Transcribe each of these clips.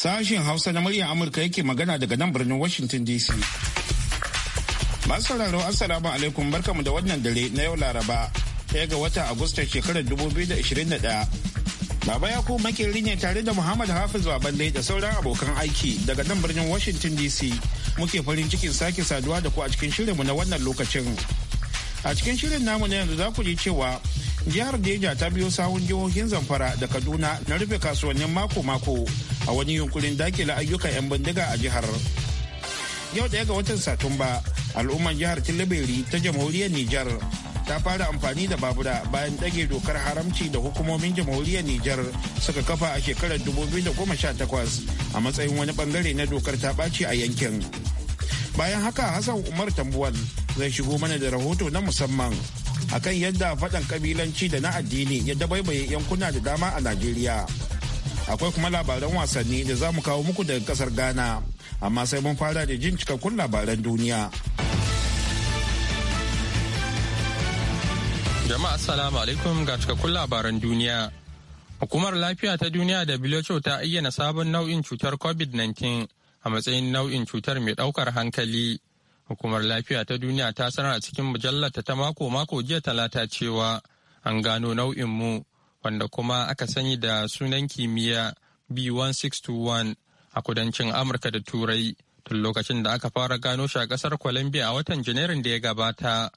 Sashen Hausa na muryar Amurka yake magana daga nan birnin Washington DC. Masu sauraro Assalamu alaikum barkamu da wannan dare na yau Laraba, ta ga wata Agusta shekarar 2021. Baba Yakubu makeri ne tare da Muhammad Hafiz Baballe da sauran abokan aiki daga nan birnin Washington DC. Muke farin cikin sake saduwa da ku a cikin shirinmu na wannan lokacin. a cikin shirin namu na yanzu za ku ji cewa jihar deja ta biyo sahun jihohin zamfara da kaduna na rufe kasuwannin mako-mako a wani yunkurin dakila ayyukan 'yan bindiga a jihar yau daya ga watan satumba al'umman jihar tilibiri ta jamhuriyar nijar ta fara amfani da babura bayan ɗage dokar haramci da hukumomin jamhuriyar nijar suka kafa a shekarar dubu biyu da sha takwas a matsayin wani bangare na dokar ta ɓaci a yankin bayan haka hassan umar tambuwal zai shigo mana da rahoto na musamman akan yadda faɗan kabilanci da na addini ya dabaibaye yankuna da dama a Najeriya. Akwai kuma labaran wasanni da za mu kawo muku daga ƙasar Ghana, amma sai mun fara da jin cikakkun labaran duniya. Jama'a Assalamu alaikum ga cikakkun labaran duniya. Hukumar lafiya ta duniya da WHO ta ayyana sabon nau'in cutar COVID-19 a matsayin nau'in cutar mai ɗaukar hankali. Hukumar lafiya ta duniya ta sanar a cikin mujallarta ta mako-mako jiya talata cewa an gano nau'in mu wanda kuma aka sani da sunan kimiyya B1621 a kudancin Amurka da Turai tun lokacin da aka fara gano shi a kasar Colombia a watan Janairun da ya gabata.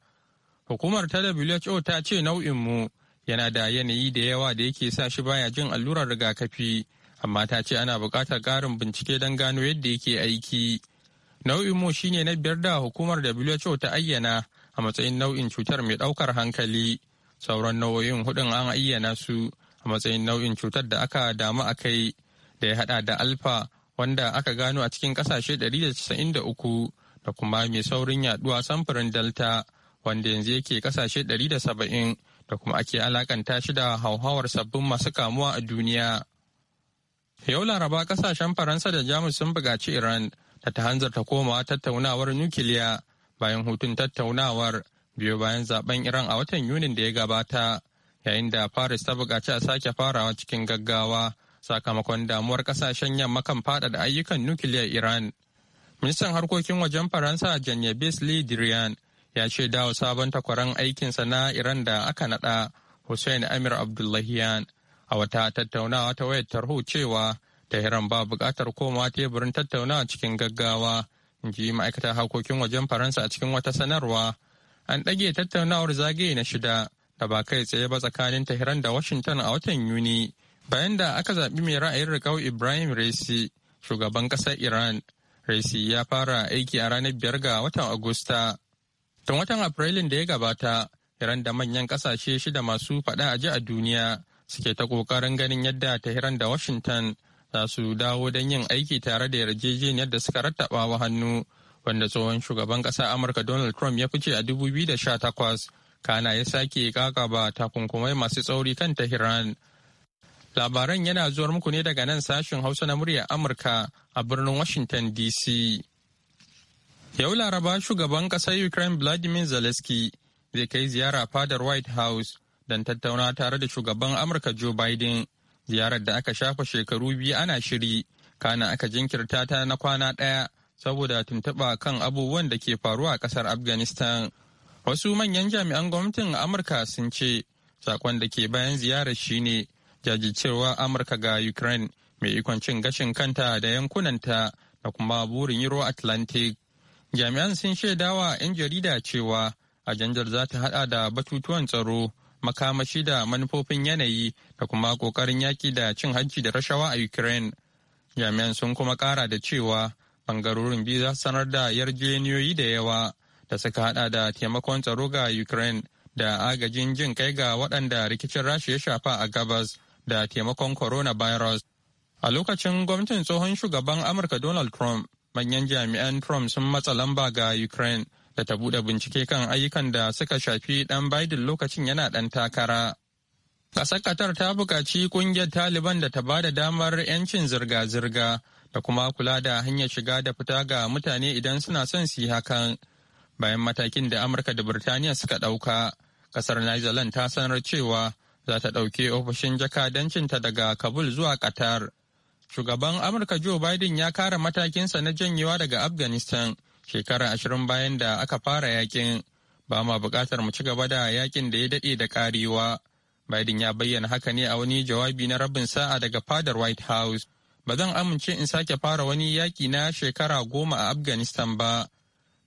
Hukumar ta WHO ta ce nau'in mu yana da yanayi da yawa da yake sa shi baya jin allurar rigakafi, amma ta ce ana bukatar ƙarin bincike don gano yadda yake aiki. Nau'in mu shine na biyar da hukumar WHO ta ayyana a matsayin nau'in cutar mai ɗaukar hankali. Sauran nau'o'in hudun an ayyana su a matsayin nau'in cutar da aka damu a kai da ya hada da alfa wanda aka gano a cikin kasashe 193 da kuma mai saurin yaduwa samfurin delta wanda yanzu yake kasashe 170 da kuma ake alakanta shi da hauhawar sabbin masu kamuwa a duniya. Yau Laraba kasashen Faransa da Jamus sun bugaci Iran da ta hanzar ta komawa tattaunawar nukiliya bayan hutun tattaunawar biyo bayan zaben Iran a watan Yunin da ya gabata yayin da Paris ta buƙaci a sake farawa cikin gaggawa sakamakon damuwar kasashen yamma kan faɗaɗa ayyukan nukiliyar Iran. Ministan harkokin wajen Faransa janye yves Drian ya ce dawo sabon takwaran aikinsa na Iran da aka naɗa Hussein Amir Abdullahian a wata tattaunawa ta wayar tarho cewa Tehran ba buƙatar komawa teburin tattaunawa cikin gaggawa, in ji ma'aikatar harkokin wajen Faransa a cikin wata sanarwa. An ɗage tattaunawar zagaye na shida da ba kai tsaye ba tsakanin Tehran da Washington a watan Yuni, bayan da aka zaɓi mai ra'ayin riƙau Ibrahim Raisi, shugaban ƙasar Iran. Raisi ya fara aiki a ranar biyar ga watan Agusta. Tun watan Afrilun da ya gabata, Iran da manyan ƙasashe shida masu faɗa a ji a duniya suke ta ƙoƙarin ganin yadda Tehran da Washington za su dawo don yin aiki tare da yarjejeniyar da suka rattaba wa hannu wanda tsohon shugaban ƙasar amurka donald trump ya fice a dubu 2018 kana ya sake kakaba takunkumai masu tsauri kan tehran labaran yana zuwar muku ne daga nan sashen hausa na muryar amurka a birnin washington dc yau laraba shugaban ƙasar ukraine vladimir zelensky zai kai ziyara fadar white house don tattauna tare da shugaban amurka joe biden ziyarar da aka shafa shekaru biyu ana shiri kana aka jinkirta ta na kwana ɗaya saboda tuntuɓa kan abubuwan da ke faruwa a ƙasar afghanistan wasu manyan jami'an gwamnatin amurka sun ce sakon da ke bayan ziyarar shine jajircewa amurka ga ukraine mai ikon cin gashin kanta da yankunanta da kuma burin euro atlantic jami'an sun shaidawa 'yan jarida cewa ajanjar za ta hada da batutuwan tsaro makamashi da manufofin yanayi da kuma ƙoƙarin yaƙi da cin hanci da rashawa a Ukraine. Jami'an sun kuma ƙara da cewa bangarorin biyu za sanar da yarjejeniyoyi da yawa da suka hada da taimakon tsaro ga Ukraine da agajin jin kai ga waɗanda rikicin rashi ya shafa a gabas da taimakon coronavirus. A lokacin gwamnatin tsohon shugaban Amurka Donald Trump, manyan jami'an Trump sun matsa lamba ga Ukraine da ta bude bincike kan ayyukan da suka shafi dan Biden lokacin yana dan takara. Ƙasar Qatar ta buƙaci ƙungiyar Taliban da ta ba da damar 'yancin zirga-zirga da kuma kula da hanyar shiga da fita ga mutane idan suna son su yi hakan. Bayan matakin da Amurka da Birtaniya suka ɗauka, ƙasar Nijalan ta sanar cewa za ta ɗauke ofishin jakadancinta daga Kabul zuwa Qatar. Shugaban Amurka Joe Biden ya kara matakinsa na janyewa daga Afghanistan shekara ashirin bayan da aka fara yakin ba ma bukatar mu ci gaba da yakin da ya daɗe da karewa biden ya bayyana haka ne a wani jawabi na rabin sa'a daga fadar white house ba zan amince in sake fara wani yaki na shekara goma a afghanistan ba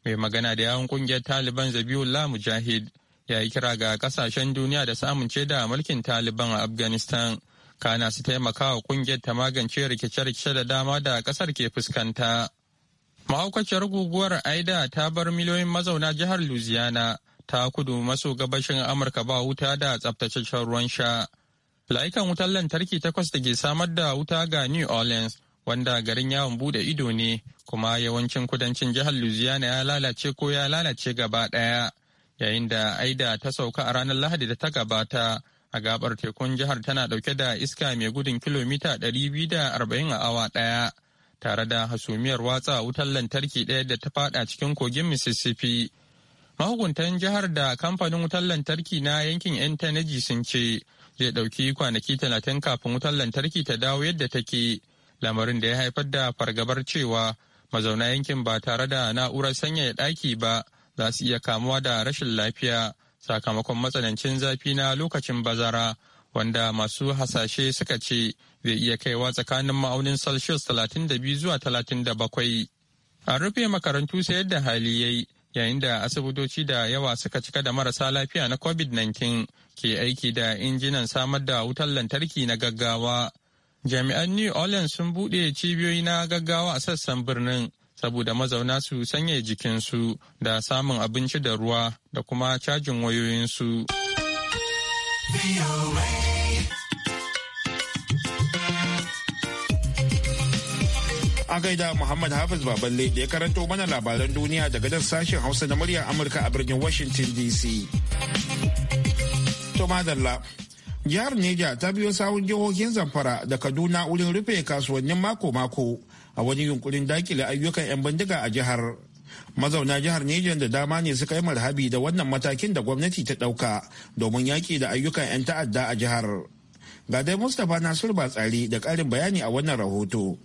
mai magana da yawon kungiyar taliban zabiullah mujahid ya yi kira ga kasashen duniya da su amince da mulkin taliban a afghanistan kana su taimakawa wa kungiyar ta magance rikice-rikice da dama da kasar ke fuskanta mahaukaciyar guguwar aida ta bar miliyoyin mazauna jihar louisiana ta kudu maso gabashin amurka ba wuta da tsaftataccen ruwan sha layukan wutar lantarki takwas da ke samar da wuta ga new orleans wanda garin yawon bude ido ne kuma yawancin kudancin jihar louisiana ya lalace ko ya lalace gaba daya yayin da aida ta sauka a ranar lahadi da ta gabata a gabar tekun jihar tana dauke da iska mai gudun kilomita 240 a awa daya tare da hasumiyar watsa wutar lantarki ɗaya da ta fada cikin kogin Mississippi. Mahukuntan jihar da kamfanin wutar lantarki na yankin 'yan sun ce zai ɗauki kwanaki talatin kafin wutar lantarki ta dawo yadda take lamarin da ya haifar da fargabar cewa mazauna yankin ba tare da na'urar sanyaya ɗaki ba za su iya kamuwa da rashin lafiya sakamakon matsanancin zafi na lokacin bazara wanda masu hasashe suka ce zai iya kaiwa tsakanin ma'aunin celsius 32 zuwa 37 a rufe makarantu sayar da hali yayi yayin da asibitoci da yawa suka cika da marasa lafiya na covid-19 ke aiki da injinan samar da wutar lantarki na gaggawa jami'an new orleans sun buɗe cibiyoyi na gaggawa a sassan birnin saboda mazauna su sanya jikinsu da samun abinci da ruwa da kuma cajin wayoyinsu. A gaida Muhammad Hafiz Baballe da ya karanto mana labaran duniya daga dan sashen Hausa na muryar Amurka a birnin Washington DC. To madalla, jihar Neja ta biyo sawun jihohin Zamfara da Kaduna wurin rufe kasuwannin mako-mako a wani yunkurin dakile ayyukan 'yan bindiga a jihar. mazauna jihar Nijar da dama ne suka yi marhabi da wannan matakin da gwamnati ta ɗauka domin yaƙi da ayyukan 'yan ta'adda a jihar. Ga dai Mustapha Nasir Batsari da ƙarin bayani a wannan rahoto.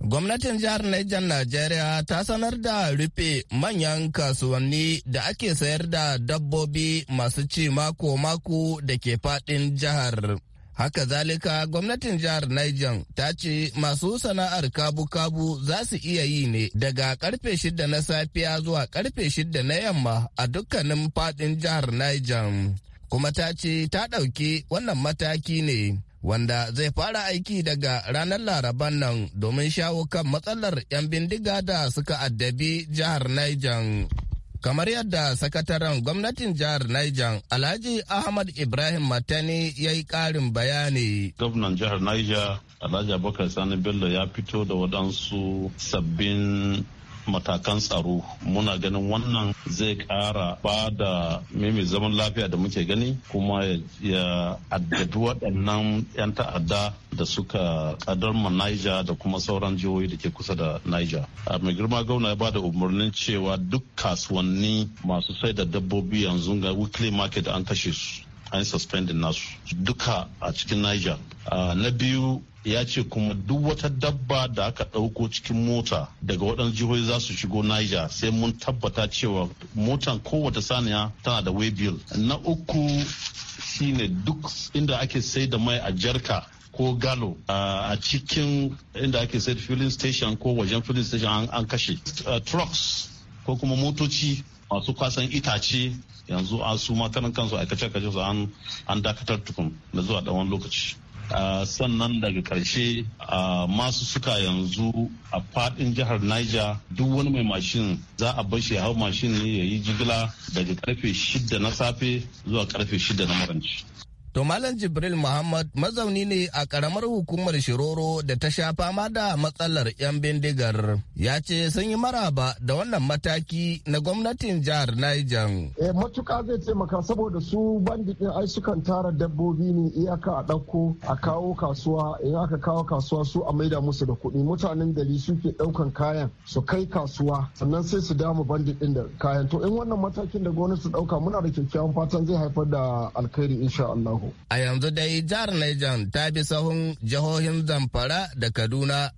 Gwamnatin jihar Niger Najeriya ta sanar da rufe manyan kasuwanni da ake sayar da dabbobi masu ci mako-mako da ke faɗin jihar. Haka zalika gwamnatin jihar Niger ta ce masu sana'ar kabu-kabu za su iya yi ne daga karfe shida na safiya zuwa karfe shida na yamma a dukkanin fadin jihar Niger. Kuma ta ce ta ɗauki wannan mataki ne wanda zai fara aiki daga ranar laraban nan domin shawo kan matsalar 'yan bindiga da suka addabi jihar Niger. kamar yadda sakataren gwamnatin jihar Niger Alhaji Ahmad Ibrahim Matani ya yi ƙarin bayani. Gwamnan jihar Niger Alhaji Abubakar Sani Bello ya fito da waɗansu sabbin matakan tsaro muna ganin wannan zai kara. ba da mai zaman lafiya da muke gani kuma ya addabi waɗannan 'yan ta'adda da suka kadar ma Niger da kuma sauran jihohi da ke kusa da Niger. Mai girma gauna ya ba da umarnin cewa duk kasuwanni masu sai da dabbobi yanzu ga weekly market an kashe su. an suspendin nasu duka a cikin niger na biyu ya ce kuma duk wata dabba da aka ɗauko cikin mota daga waɗansu jihohi za su shigo niger sai mun tabbata cewa motan kowace saniya tana da waybill na uku shine duk inda ake sai da mai a jarka ko galo a cikin inda ake sai da filling station ko wajen filling station an kashe trucks ko kuma motoci masu kwasan itace yanzu an su makaran kansu aikace-aikace su an dakatar tukun da zuwa ɗan lokaci sannan daga karshe masu suka yanzu a fadin jihar niger duk wani mai mashin za a bar shi hau mashin ne ya yi jigila daga karfe shida na safe zuwa karfe shida na maranci To Malam Jibril Muhammad mazauni ne a karamar hukumar Shiroro da ta sha fama da matsalar 'yan bindigar. Ya ce sun yi maraba da wannan mataki na gwamnatin jihar Niger. E, eh, matuka zai taimaka saboda su bandikin ai sukan tara dabbobi ne iyaka a ɗauko a kawo kasuwa in aka kawo kasuwa su a maida musu da kuɗi mutanen gari suke ɗaukan kayan su kai kasuwa sannan sai su dama bandikin da kayan. To in wannan matakin da gwamnati ɗauka muna da kyakkyawan fatan zai haifar da alkhairi insha Allah. A yanzu dai jihar Niger ta bi sahun jihohin Zamfara da Kaduna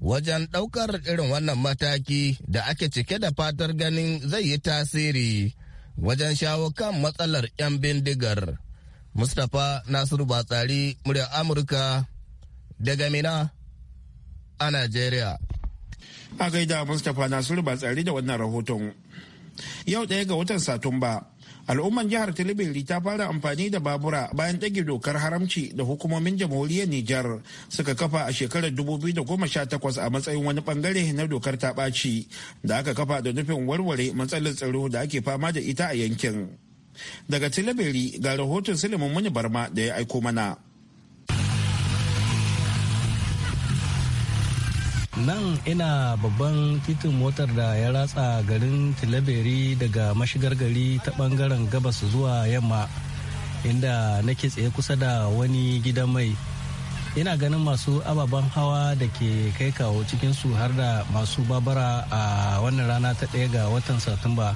wajen ɗaukar irin wannan mataki da ake cike da fatar ganin zai yi tasiri wajen shawo kan matsalar 'yan bindigar. Mustapha Nasiru Batsari, murya Amurka daga Mina a Najeriya. A gaida Mustapha Nasiru Batsari da wannan rahoton. Yau ɗaya ga watan Satumba. al'ummar jihar tilibiri ta fara amfani da babura bayan ɗage dokar haramci da hukumomin jamhuriyar nijar suka kafa a shekarar 2018 a matsayin wani bangare na dokar ta ɓaci da aka kafa da nufin warware matsalar tsaro da ake fama da ita a yankin daga tilibiri ga rahoton Suleiman muni barma da ya aiko mana nan ina babban titin motar da ya ratsa garin tilaberi daga mashigar gari ta bangaren gabas zuwa yamma inda nake tsaye kusa da wani gidan mai ina ganin masu ababen hawa da ke kai kawo cikinsu har da masu babara a wannan rana ta ɗaya ga watan satumba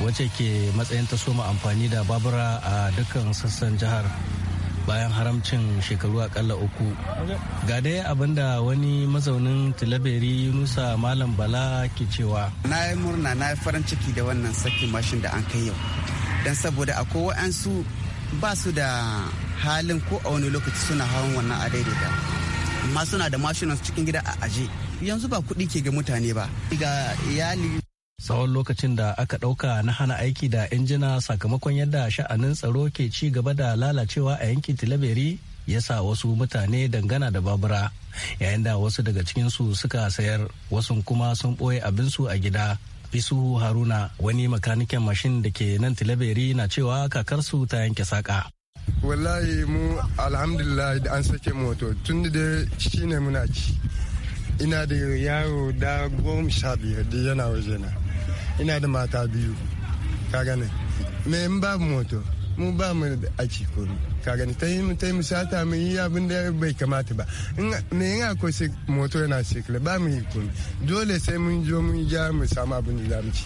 wacce ke matsayin ta soma amfani da babura a dukkan sassan jihar. bayan haramcin shekaru akalla uku ga dai abinda wani mazaunin tilaberi yunusa malam bala ke cewa na yi murna na yi farin ciki da wannan sakin mashin da an kai yau don saboda akwai wa'ansu ba su da halin ko a wani lokaci suna hawan wannan adaidaita amma suna da mashinan cikin gida a aje yanzu ba kuɗi ke ga mutane ba ga iyali tsawon lokacin da aka ɗauka na hana aiki da injina sakamakon yadda sha'anin tsaro ke ci gaba da lalacewa a yankin tilaberi ya sa wasu mutane dangana da babura yayin da wasu daga cikinsu suka sayar wasu kuma sun ɓoye abinsu a gida isu haruna wani makaniken mashin da ke nan tilaberi na cewa kakarsu ta yanke saƙa wallahi mu alhamdulillah da an sake moto tun da shine muna ci ina da yaro da goma sha biyar da yana wajena ina da mata biyu ka gane me in ba moto mu ba mu da aiki ko ka gani ta yi ta yi musata mu yi abin da bai kamata ba me in akwai moto yana sikila ba mu yi komi dole sai mun jo mun ja mu samu abin da za mu ci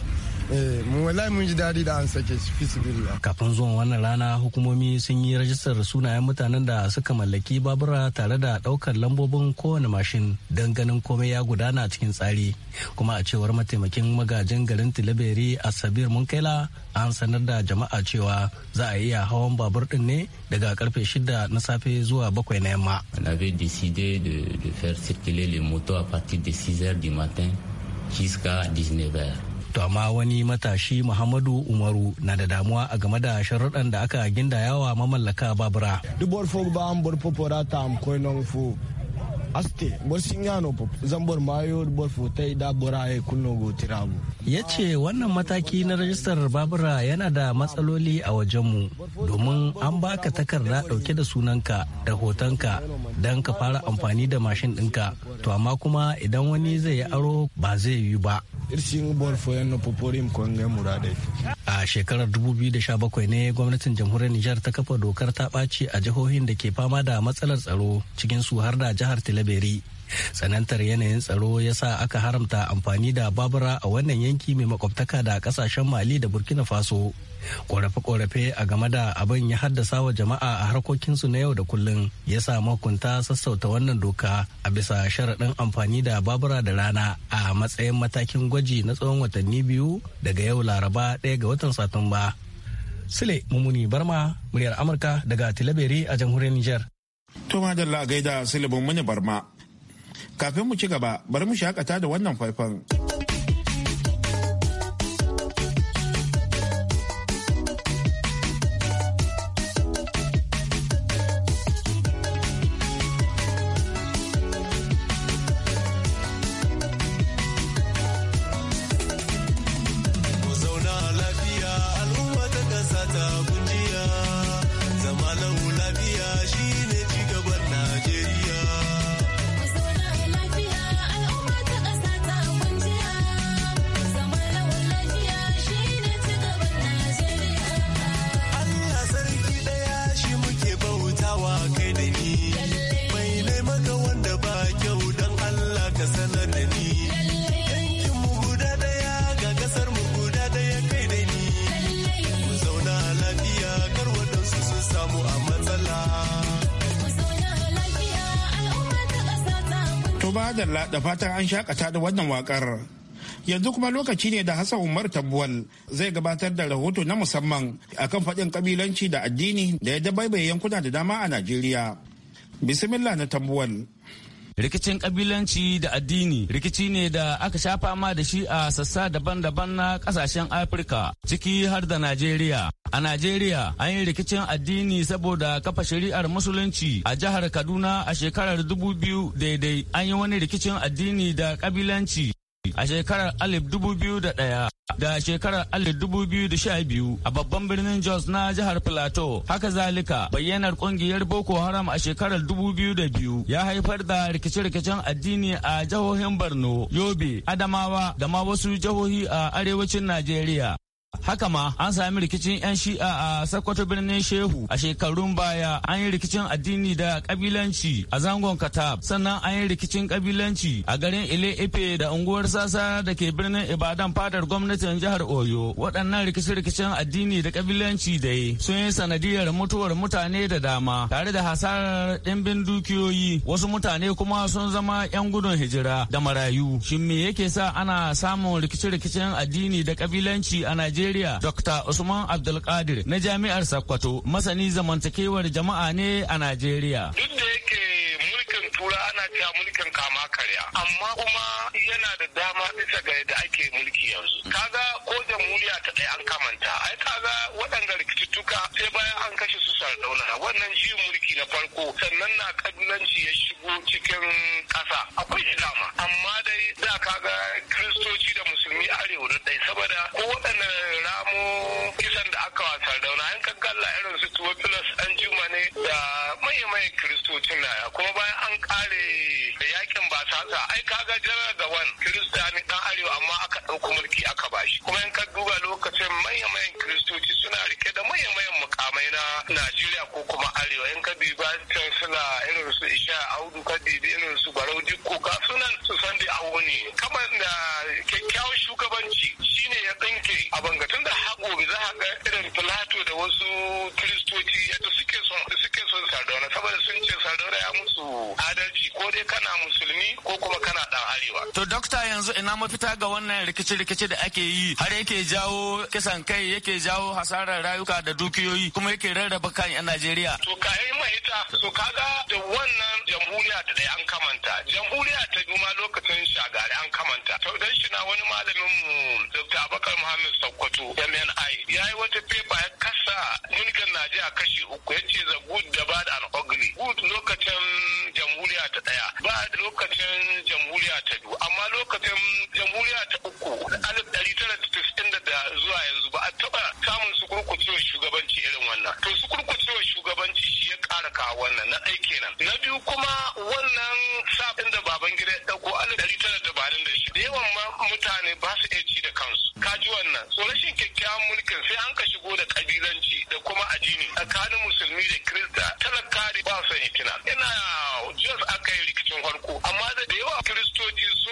Eh, mu wallahi mun ji dadi da an sake shi fisbillah kafin zuwan wannan rana hukumomi sun yi rajistar sunayen mutanen da suka mallaki babura tare da daukar lambobin kowane mashin don ganin komai ya gudana cikin tsari kuma a cewar mataimakin magajin garin tilaberi a sabir munkaila an sanar da jama'a cewa za a iya hawan babur din ne daga karfe 6 na safe zuwa 7 na yamma on avait décidé de, de faire circuler les motos à partir de 6 heures du matin jusqu'à 19 h To amma wani matashi Muhammadu Umaru na da damuwa a game da sharuɗan da aka yawa mamallaka babura. Dubuwar fog an bor popora ta am koinon fu. aste bor mayo bor fotai da bora e kunno go tirabu yace wannan mataki na rajistar babura yana da matsaloli a wajenmu domin an baka takarda ɗauke da sunanka da hotonka don ka fara amfani da mashin ɗinka to amma kuma idan wani zai yi aro ba zai yi ba bor foyan poporim a shekarar 2017 ne gwamnatin jamhuriyar Nijar ta kafa dokar ta ɓaci a jihohin da ke fama da matsalar tsaro cikin su har da jihar Tilaberi tsanantar yanayin tsaro ya sa aka haramta amfani da babura a wannan yanki mai makwabtaka da kasashen mali da burkina faso korafe-korafe a game da abin ya haddasa wa jama'a a harkokinsu na yau da kullum ya sa makunta sassauta wannan doka a bisa sharaɗin amfani da babura da rana a matsayin matakin gwaji na tsawon watanni biyu daga yau laraba ɗaya ga watan satumba sule mumuni barma muryar amurka daga tilaberi a jamhuriyar niger to madalla gaida sule mumuni barma kafin mu ci gaba bari mu shakata da wannan faifan. To da da fatan an shakata da wannan wakar. Yanzu kuma lokaci ne da Hassan Umar Tabwal zai gabatar da rahoto na musamman akan faɗin kabilanci da addini da ya dabaibaye yankuna da dama a Najeriya. Bismillah na Tabwal. rikicin kabilanci da addini rikici ne da aka sha fama da shi a sassa daban-daban na kasashen afirka ciki har da najeriya a najeriya an yi rikicin addini saboda kafa shari'ar musulunci a jihar kaduna a shekarar dubu biyu daidai an yi wani rikicin addini da kabilanci a shekarar alif dubu biyu da ɗaya da shekarar alif dubu biyu da sha biyu a babban birnin Jos na jihar Plateau. Haka zalika bayyanar kungiyar Boko Haram a shekarar dubu biyu da biyu ya haifar da rikice-rikicen addini a jihohin Borno, Yobe, Adamawa da ma wasu jihohi a arewacin Najeriya. haka ma an sami rikicin 'yan shi'a a sakkwato birnin shehu a shekarun baya an yi rikicin addini da kabilanci a zangon katab sannan an yi rikicin kabilanci a garin ile ife da unguwar sasa da ke birnin ibadan fadar gwamnatin jihar oyo waɗannan rikice-rikicen addini da kabilanci da yi sun yi sanadiyar mutuwar mutane da dama tare da hasarar ɗimbin dukiyoyi wasu mutane kuma sun zama 'yan gudun hijira da marayu shin me yake sa ana samun rikice-rikicen addini da kabilanci a najeriya Najeriya Dr. Usman Abdulkadir na Jami'ar Sakkwato masani zamantakewar jama'a ne a Najeriya. Duk da yake tura ana cewa mulkin kama karya amma kuma yana da dama bisa ga yadda ake mulki yanzu kaga ko jamhuriya ta ɗaya an kamanta ai kaga waɗanda rikicituka sai bayan an kashe su sardauna wannan ji mulki na farko sannan na kabilanci ya shigo cikin ƙasa akwai dama amma dai da kaga kristoci da musulmi arewa da ɗai saboda ko waɗanda ramo kisan da aka wasa sardauna an kaggalla irin su tuwa plus an Fatima ne da manya mai kristo tuna kuma bayan an kare yakin basasa ai kaga jiran da wan kirista ne dan arewa amma aka ɗauko mulki aka bashi kuma in ka duba lokacin manya-manyan kiristoci suna rike da manya-manyan mukamai na Najeriya ko kuma arewa in ka duba suna irin su Isha Audu ka dibi irin su Barau Dikko ka sunan su san da awo ne kamar da kyakkyawan shugabanci shine ya tsinke a tun da hago za ga irin filato da wasu kiristoci yadda suke saboda sun ce sarara ya musu adalci ko dai kana musulmi ko kuma kana dan arewa. To dokta yanzu ina mafita ga wannan rikici-rikici da ake yi har yake jawo kisan kai yake jawo hasarar rayuka da dukiyoyi kuma yake rarraba kan 'yan Najeriya. To ka yi ita to kaga da wannan jamhuriya ta da an kamanta jamhuriya ta juma lokacin shagari an kamanta. To dan shi na wani malamin mu Dr. Abubakar Muhammad Sokoto MNI ya yi wata fefa ya kasa mulkin Najeriya kashi uku ya ce the good, the bad and ugly. gini good lokacin jamhuriya ta daya ba lokacin jamhuriya ta biyu amma lokacin jamhuriya ta uku alif dari tara da da zuwa yanzu ba a taba samun su kurkucewar shugabanci irin wannan to su kurkucewar shugabanci shi ya kara kawo wannan na ɗaya kenan na biyu kuma wannan sabin da baban gida ya ɗauko alif dari tara da barin da shi da yawan mutane ba su iya ci da kansu Ka ji wannan so rashin kyakkyawan mulkin sai an ka shigo da kabilanci kuma addini tsakanin musulmi da kirista talaka ba su hitina ina jos aka yi rikicin farko amma da yawa kiristoci su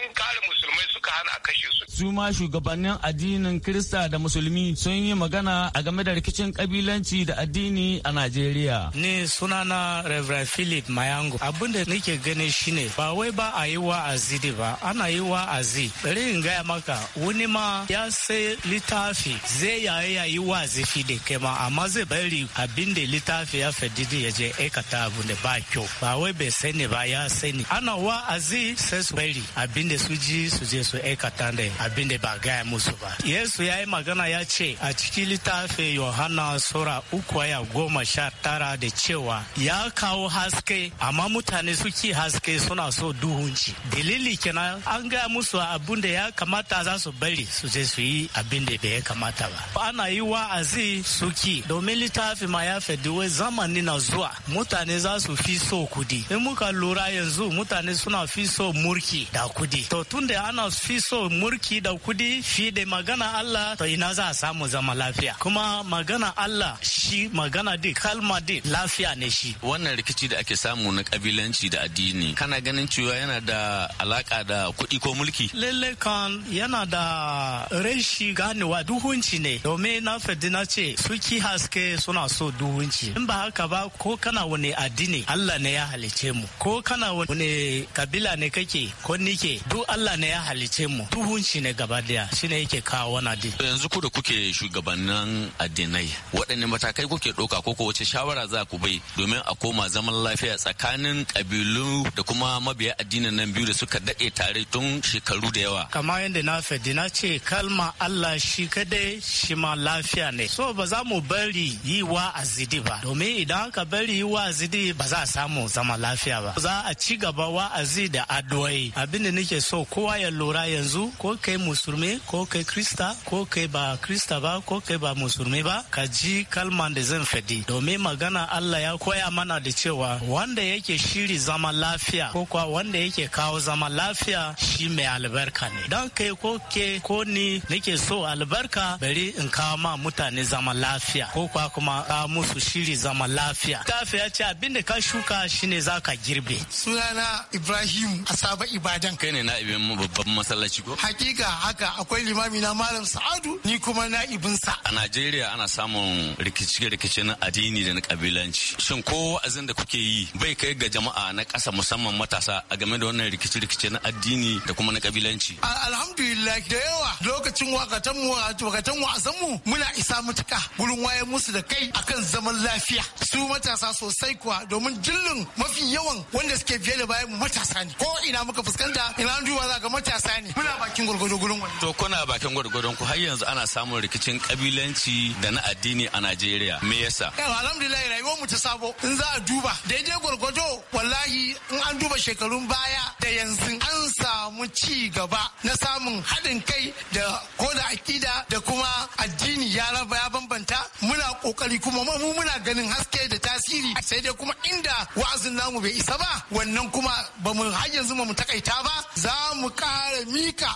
hana a kashe su. Su ma shugabannin addinin Kirista da Musulmi sun yi magana a game da rikicin kabilanci da addini a Najeriya. Ni sunana Reverend Philip Mayango. Abin da nake gani shine ba wai ba a yi wa azidi ba, ana yi wa azi. Bari in gaya maka wani ma ya sai littafi zai yaye ya yi wa azifi da kai ma amma zai bari abin da littafi ya fadidi ya je aikata abu da ba kyau. Ba wai bai sani ba ya sani. Ana wa azi sai su bari abin da su ji su je su aikata da abin da ba gaya musu ba yesu ya yi magana ya ce a cikin littafin yohana sura uku aya goma sha tara da cewa ya kawo haske amma mutane suke haske suna so duhunci dalili kenan an gaya musu abin da ya kamata za su bari su je su yi abin da bai kamata ba ana yi wa'azi suki domin littafi ma ya fadi wai zamani na zuwa mutane za su fi so kudi in muka lura yanzu mutane suna fi so murki da kudi to tunda ana fi so murki da kudi fi da magana Allah to ina za a samu zama lafiya kuma magana Allah shi magana di kalma di lafiya ne shi wannan rikici da ake samu na kabilanci da addini kana ganin cewa yana da alaka da kudi ko mulki lalle kan yana da reshi ganewa duhunci ne domin na fadi na ce suki haske suna so duhunci in ba haka ba ko kana wani addini Allah ne ya halice mu ko kana wani kabila ne kake ko nike duk Allah ne ya halice mu tuhunci ne gaba daya shine yake kawo wani adi yanzu ku da kuke shugabannin addinai waɗanne matakai kuke ɗauka ko wace shawara za ku bai domin a koma zaman lafiya tsakanin ƙabilu da kuma mabiya addinin nan biyu da suka daɗe tare tun shekaru da yawa kamar yadda na fadi na ce kalma Allah shi kadai shi ma lafiya ne so ba za mu bari yi wa azidi ba domin idan aka bari yi wa azidi ba za a samu zama lafiya ba za a ci gaba wa azidi da addu'ai abin da nake so kowa ya lura ya yanzu ko kai musulmi ko kai krista ko kai ba krista ba ko kai ba musulmi ba ka ji kalman da zan faɗi domin magana Allah ya koya mana da cewa wanda yake shiri zama lafiya ko kuwa wanda yake kawo zama lafiya shi mai albarka ne don kai ko ke ko ni nake so albarka bari in kawo ma mutane zama lafiya ko kuwa kuma ka musu shiri zama lafiya ya ce abin da ka shuka shine zaka girbe sunana ibrahim asaba ibadan kai ne na ibin babban masala. masallaci ko hakika haka akwai limami na malam sa'adu ni kuma na ibinsa a najeriya ana samun rikice-rikice na addini da na kabilanci shin ko wa'azin da kuke yi bai kai ga jama'a na kasa musamman matasa a game da wannan rikice-rikice na addini da kuma na kabilanci alhamdulillah da yawa lokacin wakatan mu wakatan wasan mu muna isa mutuka gurin waye musu da kai akan zaman lafiya su matasa sosai kuwa domin jillin mafi yawan wanda suke biye da bayan matasa ne ko ina muka fuskanta ina duba za ga matasa ne muna bakin gwargwado wani to kuna bakin gwargwadon ku har yanzu ana samun rikicin kabilanci da na addini a Najeriya me yasa alhamdulillah rayuwar mu ta sabo in za a duba daidai gwargwado wallahi in an duba shekarun baya da yanzu an samu ci gaba na samun haɗin kai da koda da akida da kuma addini ya raba ya bambanta muna kokari kuma mu muna ganin haske da tasiri sai dai kuma inda wa'azin namu bai isa ba wannan kuma ba mu har yanzu mu takaita ba za mu ƙara mika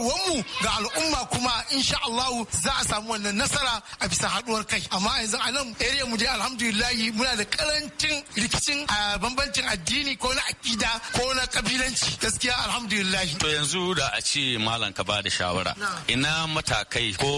mu ga al'umma kuma insha Allah za a samu wannan nasara a bisa haɗuwar kai amma yanzu a nan area mu dai alhamdulillahi muna da karancin rikicin a bambancin addini ko na akida ko na kabilanci gaskiya alhamdulillahi to yanzu da a ce malam ka ba da shawara ina matakai ko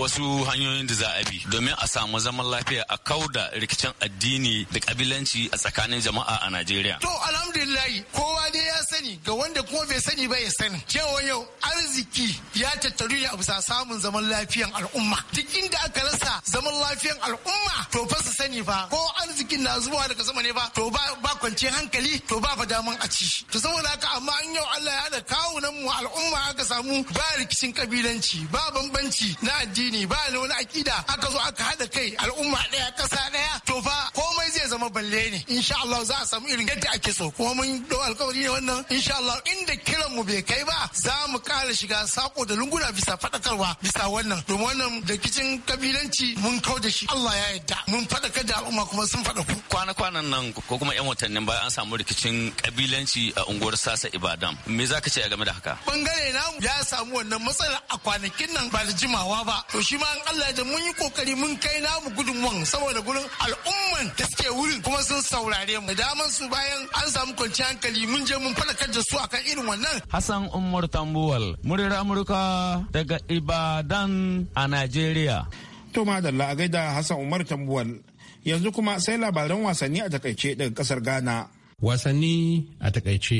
wasu hanyoyin da za a bi domin a samu zaman lafiya a kauda rikicin addini da kabilanci a tsakanin jama'a a Najeriya to alhamdulillahi kowa dai sani ga wanda kuma bai sani ba ya sani cewa yau arziki ya tattaru ne a bisa samun zaman lafiyan al'umma duk inda aka rasa zaman lafiyan al'umma to fa su sani fa ko arzikin na zuwa daga zama ne ba to ba kwanci hankali to ba fa daman a ci to saboda haka amma an yau Allah ya da nan mu al'umma aka samu ba rikicin kabilanci ba bambanci na addini ba na wani akida aka zo aka haɗa kai al'umma ɗaya kasa ɗaya. to fa komai zai zama balle ne insha Allah za a samu irin yadda ake so kuma mun dau alkawari ne wannan insha Allah inda kiran mu bai kai ba za mu kara shiga sako da lunguna bisa faɗakarwa bisa wannan domin wannan da kicin kabilanci mun kau da shi Allah ya yarda mun faɗakar da al'umma kuma sun ku. kwana-kwanan nan ko kuma 'yan watannin baya an samu rikicin kabilanci a unguwar sasa ibadan me za ce a game da haka bangare na ya samu wannan matsala a kwanakin nan ba da jimawa ba to shi ma an Allah da mun yi kokari mun kai namu gudunmuwan saboda gurin al'umma musamman da suke wurin kuma sun saurare mu daman su bayan an samu kwanciyar hankali mun je mun falakar da su akan irin wannan Hassan Umar Tambuwal murira Amurka daga Ibadan a Najeriya to madalla a gaida Hassan Umar Tambuwal yanzu kuma sai labaran wasanni a takaice daga kasar Ghana wasanni a takaice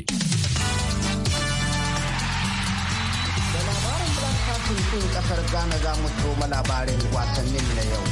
kasar Ghana za mu toma labarin wasannin na yau.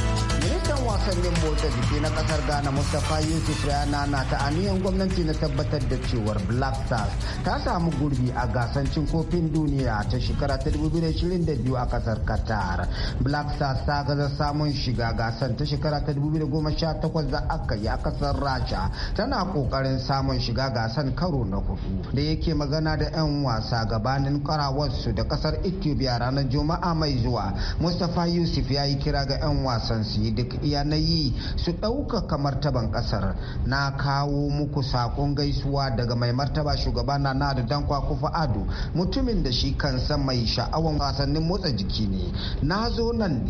ministan motsa jiki na kasar ghana mustapha yusuf rana na ta aniyan gwamnati na tabbatar da cewar black stars ta samu gurbi a gasar cin kofin duniya ta shekara ta 2022 a kasar qatar black stars ta gaza samun shiga gasan ta shekara ta 2018 da aka yi a kasar rasha tana kokarin samun shiga gasar karo na hudu da yake magana da 'yan wasa gabanin karawarsu da kasar ethiopia ranar juma'a mai zuwa mustapha yusuf ya yi kira ga 'yan wasan su yi duk iya na yi su ɗaukaka martaban ƙasar na kawo muku saƙon gaisuwa daga mai martaba shugaba na nadu dankwa kufa ado mutumin da shi kansa mai sha'awan wasannin motsa jiki ne na zo nan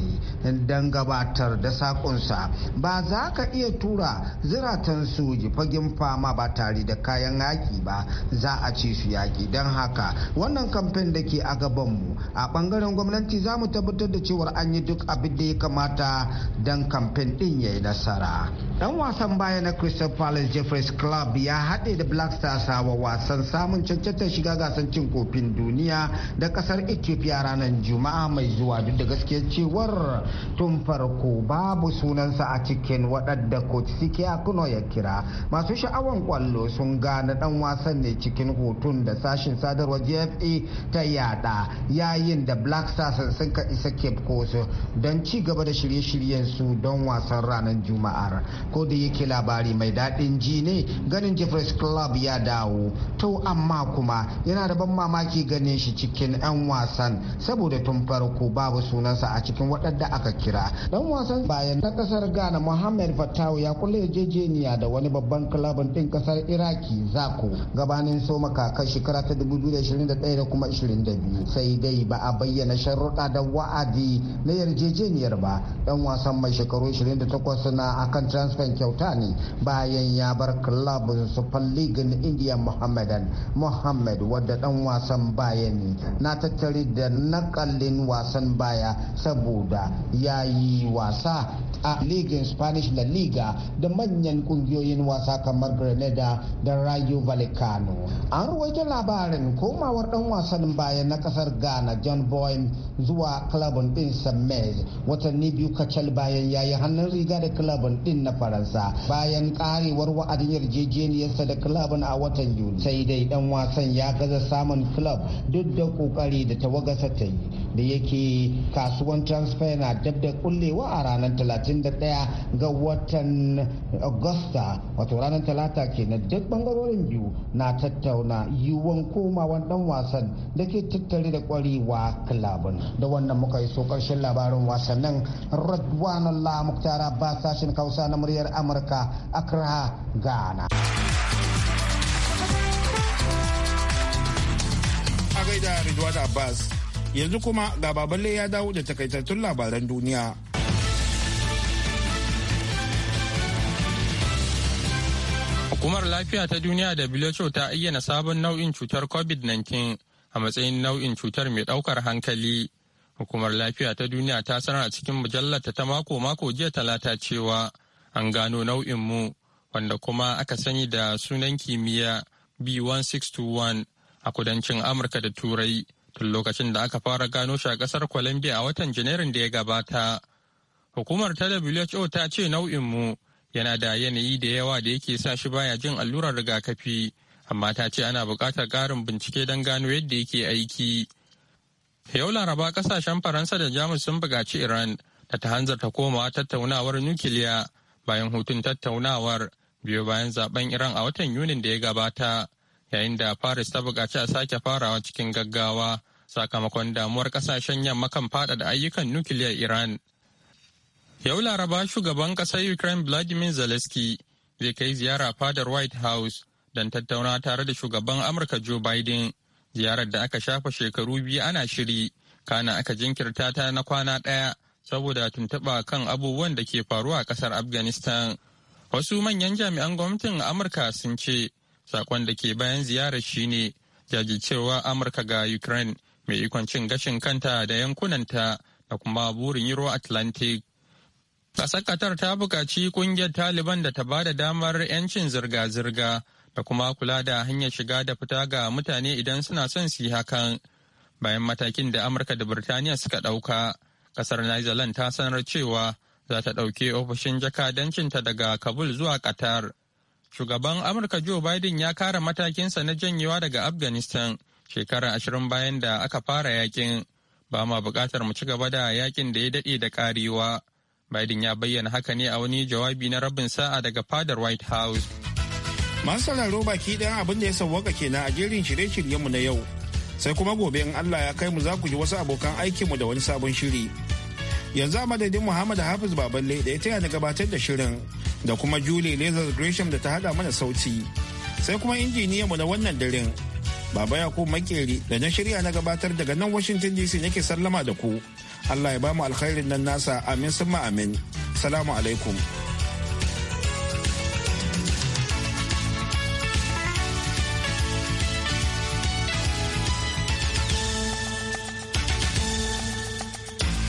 ne don gabatar da saƙonsa ba za ka iya tura ziratan su fagen fama ba tare da kayan yaƙi ba za a ci su yaƙi don haka wannan kamfen da ke a gabanmu a ɓangaren gwamnati za mu tabbatar da cewar an yi duk abin da ya kamata don kamfen United din ya yi nasara. Dan wasan baya na Crystal Palace Jeffries Club ya haɗe da Black Stars wa wasan samun cancantar shiga gasar cin kofin duniya da ƙasar Ethiopia ranar Juma'a mai zuwa duk da gaskiyar cewar tun farko babu sunansa a cikin waɗanda coach Sike Akuno ya kira. Masu sha'awan kwallo sun gane dan wasan ne cikin hoton da sashin sadarwa GFA ta yada yayin da Black Stars sun ka isa Cape Coast don ci gaba da shirye-shiryen su don wasan wasan ranar juma'ar ko da yake labari mai daɗin ji ne ganin jeffers club ya dawo to amma kuma yana da ban mamaki ganin shi cikin 'yan wasan saboda tun farko babu sunansa a cikin waɗanda aka kira dan wasan bayan na ƙasar ghana mohammed fatawu ya kula yarjejeniya da wani babban kulabin ɗin ƙasar iraki zako gabanin soma kakar shekara ta 2021 da kuma 22 sai dai ba a bayyana sharuɗa da wa'adi na yarjejeniyar ba dan wasan mai shekaru 20 28 na akan transfer kyauta ne bayan ya bar club super league na india muhammadan muhammad wadda dan wasan baya ne na tattari da nakallin wasan baya saboda ya yi wasa a ligin spanish la liga da manyan kungiyoyin wasa kamar grenada da rayo vallecano an ruwaito labarin komawar dan wasan baya na kasar ghana john boyne zuwa club din mez watanni biyu kacal bayan ya yi hannun hannun riga da kilabin din na faransa bayan karewar wa'adin yarjejeniyarsa da kilabin a watan yuli sai dai dan wasan ya gaza samun kilab duk da kokari da tawagasa ta yi da yake kasuwan transfer na dab da kullewa a ranar 31 ga watan agusta wato ranar talata kenan duk bangarorin biyu na tattauna yiwuwan komawan dan wasan da ke tattare da kwarewa kilabin da wannan muka yi so karshen labarin wasannin rajwanan allah shara ba sashen Hausa na muryar Amurka Accra, Ghana. A gaida Abbas yanzu kuma ga baballe ya dawo da takaitattun labaran duniya. Hukumar lafiya ta duniya da WHO ta ayyana sabon nau'in cutar COVID-19 a matsayin nau'in cutar mai ɗaukar hankali. Hukumar lafiya ta duniya ta sanar a cikin mujallarta ta mako-mako jiya talata cewa an gano nau'in mu wanda kuma aka sani da sunan kimiyya B1621 a kudancin Amurka da Turai tun lokacin da aka fara gano shi a kasar Colombia a watan Janairun da ya gabata. Hukumar ta WHO ta ce nau'in mu yana da yanayi da yawa da yake sa shi baya jin allurar rigakafi, amma ta ce ana buƙatar ƙarin bincike don gano yadda yake aiki. Yau Laraba kasashen Faransa da Jamus sun bugaci Iran da ta hanzarta komawa tattaunawar nukiliya bayan hutun tattaunawar biyu bayan zaben Iran a watan Yunin da ya gabata yayin da Paris ta bugaci a sake farawa cikin gaggawa sakamakon damuwar kasashen yamma kan faɗaɗa ayyukan nukiliyar Iran. Yau Laraba shugaban ƙasar Ukraine Vladimir Zelensky zai kai ziyara fadar White House don tattauna tare da shugaban Amurka Joe Biden ziyarar da aka shafa shekaru biyu ana shiri kana aka jinkirta ta na kwana ɗaya saboda tuntuɓa kan abubuwan da ke faruwa a ƙasar afghanistan wasu manyan jami'an gwamnatin amurka sun ce sakon da ke bayan ziyarar shine jajircewa amurka ga ukraine mai ikon cin gashin kanta da yankunanta da kuma burin euro atlantic ƙasar qatar ta buƙaci ƙungiyar taliban da ta ba da damar 'yancin zirga-zirga da kuma kula da hanyar shiga da fita ga mutane idan suna son su yi hakan bayan matakin da amurka da birtaniya suka ɗauka ƙasar netherlands ta sanar cewa za ta ɗauki ofishin jakadancinta daga kabul zuwa qatar shugaban amurka joe biden ya kara matakinsa na janyewa daga afghanistan shekara ashirin bayan da aka fara yakin ba ma buƙatar mu ci gaba da yakin da ya daɗe da ƙarewa biden ya bayyana haka ne a wani jawabi na rabin sa'a daga fadar white house Masu sauraro baki ɗaya abin da ya sauwaka kenan a jerin shirye-shiryenmu na yau. Sai kuma gobe in Allah ya kai mu za ku ji wasu abokan aikinmu da wani sabon shiri. Yanzu a madadin Muhammad Hafiz Baballe da ya taya ni gabatar da shirin da kuma Julie Lazar Gresham da ta hada mana sauti. Sai kuma mu na wannan daren. Baba Yakubu Makeri da na shirya na gabatar daga nan Washington DC nake sallama da ku. Allah ya bamu alkhairin nan nasa amin summa amin. Salamu alaikum.